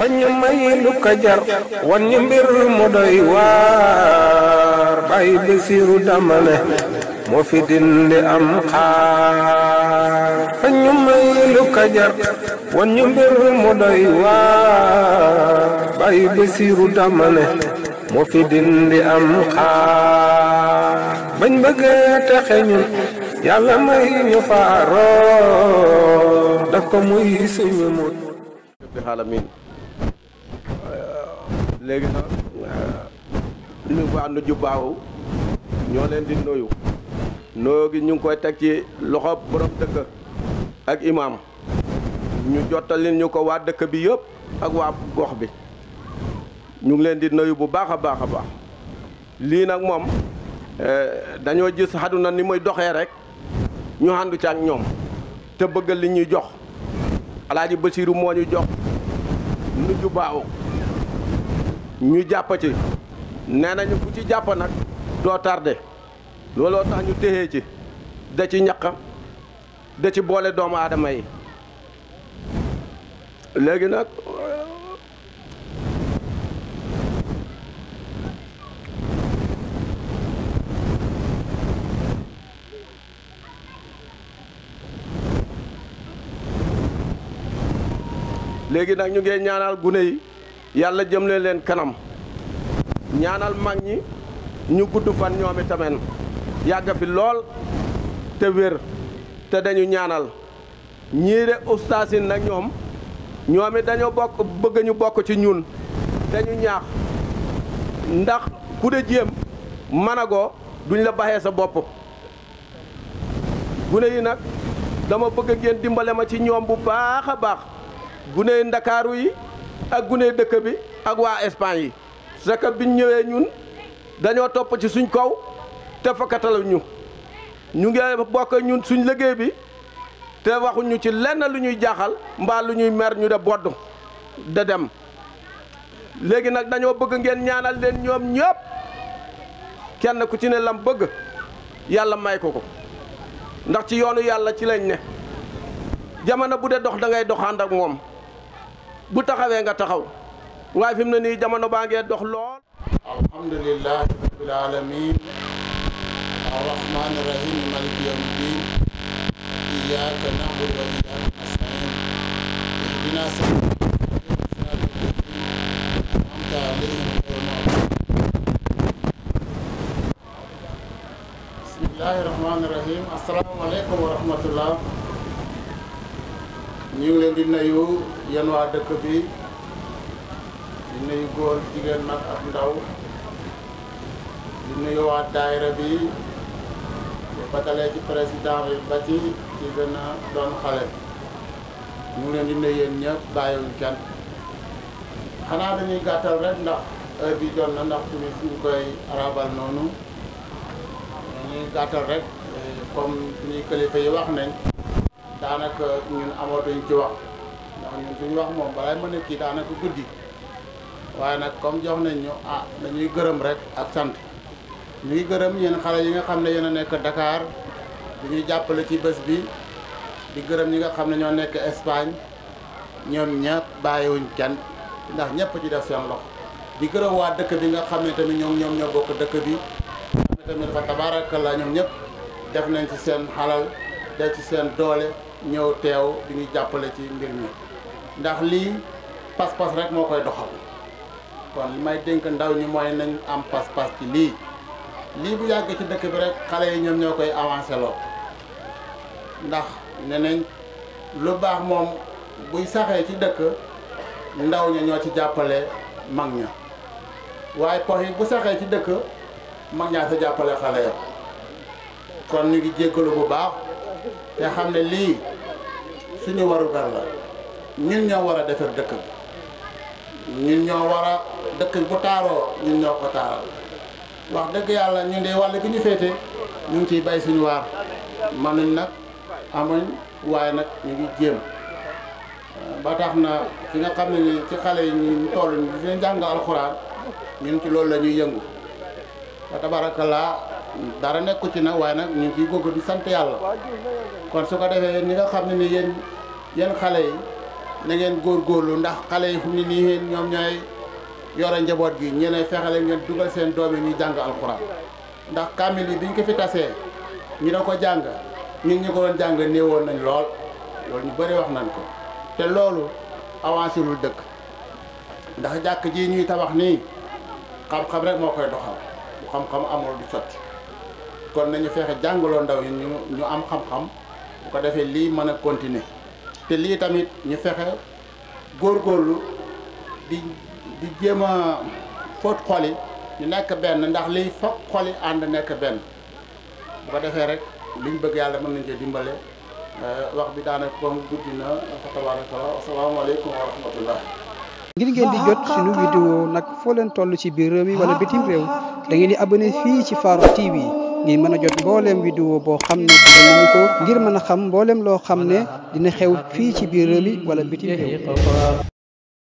fa ñu may lu ko jar wan ñu mbir mu doy waar bàyyi basiiru damane moo fi dindi am xaar fa ñu may lu ko wan ñu mbir mu doy waar bàyyi basiiru damane moo fi dindi am xaar bañ bëggee texe ñun yàlla may ñu faaroo daf ko muy suñu mut léegi nag euh, ñu waa nuju baaw ñoo leen di nuyu nuyoo gi ñu ngi koy teg ci loxo borom dëkk ak imaam ñu jottalil ñu ko waa dëkk bi yépp ak waa gox bi ñu ngi leen di nuyu bu baax a baax a baax lii nag moom euh, dañoo gis Hadouna ni muy doxee rek ñu ànd ci ak ñoom te bëgg li ñuy jox alaaji Basiiru moo ñu jox nuju baaw ñu jàpp ci nee nañu ku ci jàpp nag doo tardé looloo tax ñu téye ci da ci ñaq da ci boole doomu aadama yi léegi nag léegi nag ñu ngi ñaanal gune yi yàlla jëmle leen kanam ñaanal mag ñi ñu gudd fan ñoomi itamit yàgg fi lool te wér te dañu ñaanal ñii de nag ñoom ñoom it dañoo bokk bëgg ñu bokk ci ñun dañu ñaax ndax ku de jéem managoo duñ la baxee sa bopp gune yi nag dama bëgg ngeen dimbale ma ci ñoom bu baax a baax gune yi ndakaaru yi ak gune dëkk bi ak waa Espagne yi sa que biñ ñëwee ñun dañoo topp ci suñ kaw te fakkatalu ñu ñu ngi bokk ñun suñ liggéey bi te waxuñu ci lenn lu ñuy jaaxal mbaa lu ñuy mer ñu de bodd de dem léegi nag dañoo bëgg ngeen ñaanal leen ñoom ñëpp kenn ku ci ne lam bëgg yàlla may ko ko ndax ci yoonu yàlla ci lañ ne jamono bu dee dox da ngay doxaan ak moom bu taxawé nga taxaw way fimna ni jamono ba ngee dox lol alhamdulillahi rabbil alamin arrahmanir rahim maliki yawmiddin iyyaka na'budu wa iyyaka nasta'in ihdina siratal mustaqim an'amta alayhim ghayril maghdubi bismillahir rahmanir rahim assalamu ñu ngi leen di nuyu yéen waa dëkk bi di nuyu góor jigéen mag ak ndaw di nuyu waa daayira bi di batalee ci président bi ba ci ci gën a doon xale ñu leen di nuyu yéen ñëpp bàyyiwuñ kenn xanaa dañuy gàttal rek ndax heure bi jot na ndax tamit suñ koy arabal noonu dañuy gàttal rek eh, comme suñuy kilifa yi wax nañ daanaka ñun amatuñ ci wax ndax ñun suñu wax moom balay mën a kii daanaka guddi waaye nag comme jox nañ ñu ah dañuy gërëm rek ak sant ñu ngi gërëm yéen yi nga xam ne yéen Dakar di ñuy jàppale ci bés bi di gërëm ñi nga xam ne ñoo nekk Espagne ñoom ñëpp bàyyiwuñ kenn ndax nyong ci def seen loxo di gërëm waa dëkk bi nga xam ne tamit ñoom ñoom ñoo bokk dëkk bi tamit fa tabaaraka la ñoom def nañ ci seen xalal def ci seen doole ñëw teew di ñu jàppale ci mbir mi ndax lii pas-pas rek moo koy doxal kon li may dénk ndaw ñi mooy nañ am pas-pas ci lii lii bu yàgg ci dëkk bi rek xale yi ñoom ñoo koy avancé loo ndax ne nañ lu baax moom buy saxee ci dëkk ndaw ña ñoo ci jàppale mag ña waaye pox yi bu saxee ci dëkk mag ñaa sa jàppale xale ya kon ñu ngi jéggalu bu baax te xam ne lii suñu warugar la ñun ñoo war a defar dëkk bi ñun ñoo war a dëkk bu taaroo ñun ñoo ko taaral wax dëgg yàlla ñun de wàll bi ñu féete ñu ngi ciy bay suñu waar manuñ nag amuñ waaye nag ñu ngi jéem ba tax na fi nga xam ne ni ci xale yi ñu toll ñu fi jàng alxuraan ñun ci loolu lañuy yëngu ba tabarakallah dara nekku ci nag waaye nag ñu ngi ciy góorgóorlu di sant yàlla kon su ko defee ni nga xam ne ni yéen yéen xale yi na ngeen góorlu ndax xale yi fu mu ne nii yéen ñoom ñooy yore njaboot gi ñu ne fexe leen ngeen dugal seen doom yi ñuy jàng alxuraan ndax kaamil yi biñ ko fi tasee ñu ne ko jàng ñun ñu ko doon jàng néewoon nañ lool loolu ñu bëri wax nañ ko te loolu avancé lul dëkk ndax jàkk ji ñuy tabax nii xam-xam rek moo koy doxal bu xam-xam amul du sotti. kon nañu fexe jàngaloo ndaw yi ñu am xam-xam bu ko defee lii mën a continuer te lii tamit ñu fexe góorgóorlu di di jéem a fóot xol ñu nekk benn ndax lii foog xol yi ànd nekk benn bu ko defee rek liñ bëgg yàlla mën nañ cee dimbale euh, wax bi daanaka ba guddi na fa tabaraka asalaamaaleykum wa rahmatullah ngir ngeen di jot suñu vidéo nag foo leen toll ci biir réew mi wala bitim réew da ngeen di abonné fii ci Farokh TV ngir mën a jot mbooleem vidéo boo xam ne dinañ ngir mën a xam mbooleem loo xam ne dina xew fii ci biir réew mi wala bitim réew